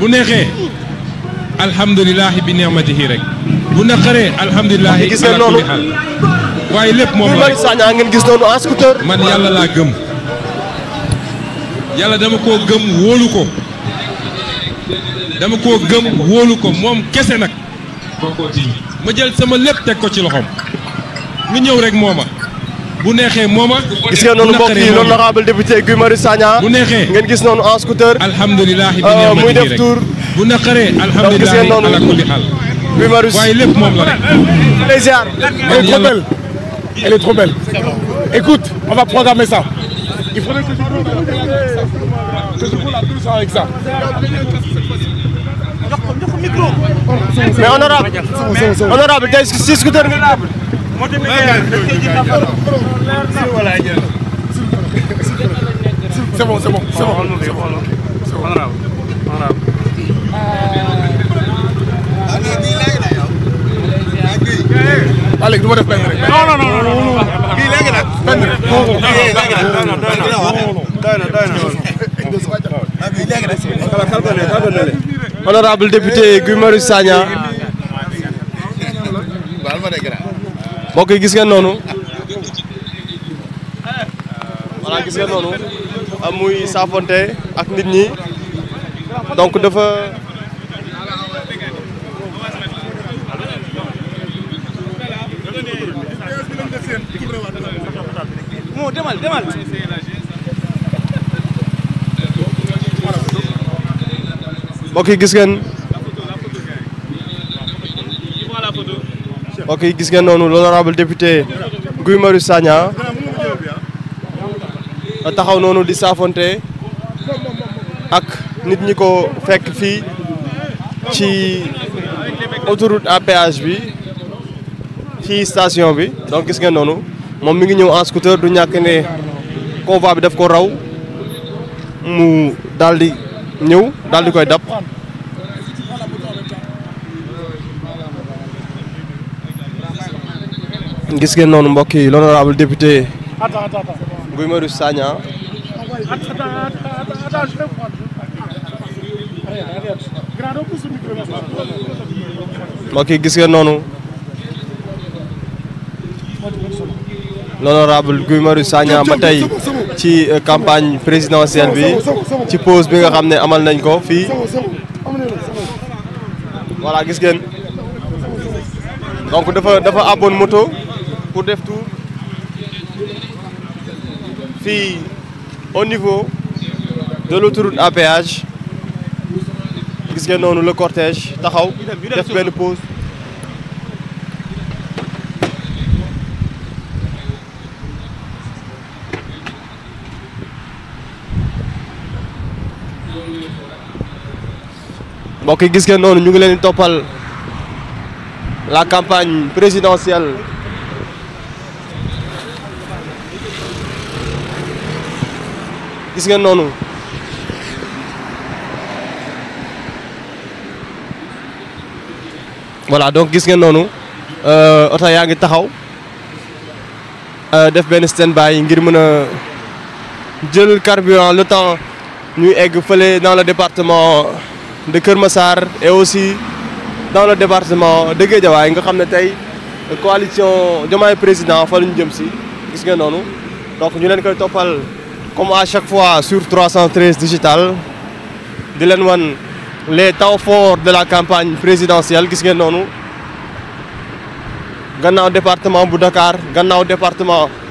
bu neexee alhamdulilahi bi ni'matihi rek bu naqaree alhamdulilahi ala kulli xaal waaye lépp moom la rek gis noonu en scooter man yàlla laa gëm yàlla dama koo gëm wóolu ko dama koo gëm wóolu ko moom kese nag ma jël sama lépp teg ko ci loxoom lu ñëw rek mooma bu neexee mooma gis ngeen noonu mbokk yi l'honorable député Guy Marius Sagna bu ngeen gis noonu en scooter alhamdulilah euh, muy def tour bu naqaree alhamdulilah ala kulli xaal Guy Marius waaye lépp moom la rek elle est trop belle elle est trop écoute on va programmer moto bi ngeen def dañ c'est bon c'est bon Guy Marius Sagna. mbokk yi gis noonu voilà gis ngeen noonu muy saafonte ak nit ñi donc dafa moo demal demal mbokk yi ok gis ngeen noonu l'honorable député Guy Marius Sagna taxaw noonu di saafonte ak nit ñi ko fekk fii ci autoroute à bi ci station bi donc gis ngeen noonu moom mi ngi ñëw en scooter du ñàkk ne convoi bi daf ko raw mu daal di ñëw daal di koy dab gis ngeen noonu mbokk yi l'honorable député Guy Marius Sagna mbokk yi gis ngeen noonu l'honorable Guy Marius Sagna ba tey ci euh, campagne présidentielle bi ci pause bi nga xam ne amal nañ ko fii voilà gis ngeen donc dafa dafa abboon moto pour def tour fii au niveau de l'autoroute à péage gis ngeen noonu le cortège taxaw def benn pause mbokk yi gis ngeen noonu ñu ngi leen toppal la campagne présidentielle gis ngeen noonu voilà donc gis ngeen noonu euh, oto yaa ngi taxaw euh, def benn stand by ngir mën a jël carburant le temps ñuy egg fale dans le département de Kër Massar aussi dans le département de Guédiawaye nga xam ne tey coalition Diomaye président fa lu ñu jëm si gis ngeen noonu donc ñu leen koy toppal comme à chaque fois sur 313 digital di leen wan les temps forts de la campagne présidentielle gis ngeen noonu gannaaw département bu Dakar gannaaw département